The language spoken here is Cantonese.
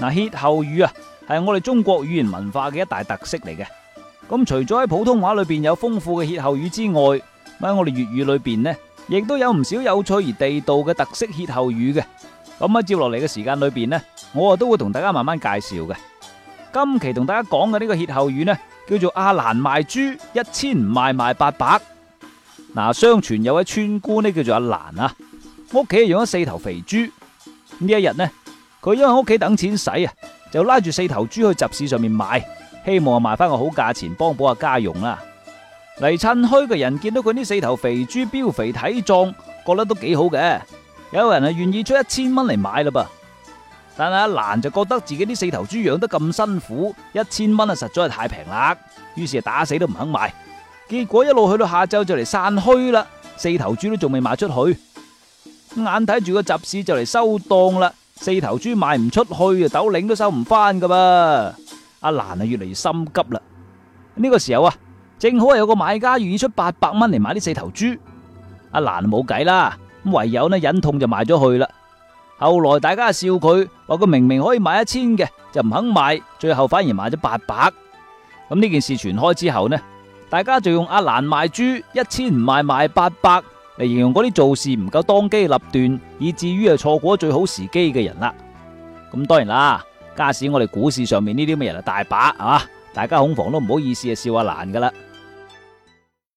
嗱，歇後語啊，係我哋中國語言文化嘅一大特色嚟嘅。咁除咗喺普通話裏邊有豐富嘅歇後語之外，喺我哋粵語裏邊呢，亦都有唔少有趣而地道嘅特色歇後語嘅。咁喺接落嚟嘅時間裏邊呢，我啊都會同大家慢慢介紹嘅。今期同大家講嘅呢個歇後語呢，叫做阿蘭賣豬，一千唔賣賣八百。嗱，啊，相傳有位村姑呢，叫做阿蘭啊，屋企係養咗四頭肥豬。呢一日呢，佢因為屋企等錢使啊，就拉住四頭豬去集市上面賣，希望賣翻個好價錢幫補下家用啦。嚟趁墟嘅人見到佢呢四頭肥豬膘肥體壯，覺得都幾好嘅，有人啊願意出一千蚊嚟買嘞噃。但係阿蘭就覺得自己啲四頭豬養得咁辛苦，一千蚊啊實在係太平啦，於是打死都唔肯賣。結果一路去到下晝就嚟散墟啦，四頭豬都仲未賣出去，眼睇住個集市就嚟收檔啦。四頭豬賣唔出去啊，斗領都收唔翻噶噃，阿蘭啊越嚟越心急啦。呢個時候啊，正好有個買家願意出八百蚊嚟買啲四頭豬，阿蘭冇計啦，唯有呢忍痛就賣咗去啦。後來大家笑佢，話佢明明可以賣一千嘅，就唔肯賣，最後反而賣咗八百。咁呢件事傳開之後呢，大家就用阿蘭賣豬一千唔賣，賣八百。嚟形容嗰啲做事唔夠當機立斷，以至於係錯過最好時機嘅人啦。咁當然啦，假使我哋股市上面呢啲咩人啊，大把係，大家恐防都唔好意思啊，笑話難噶啦。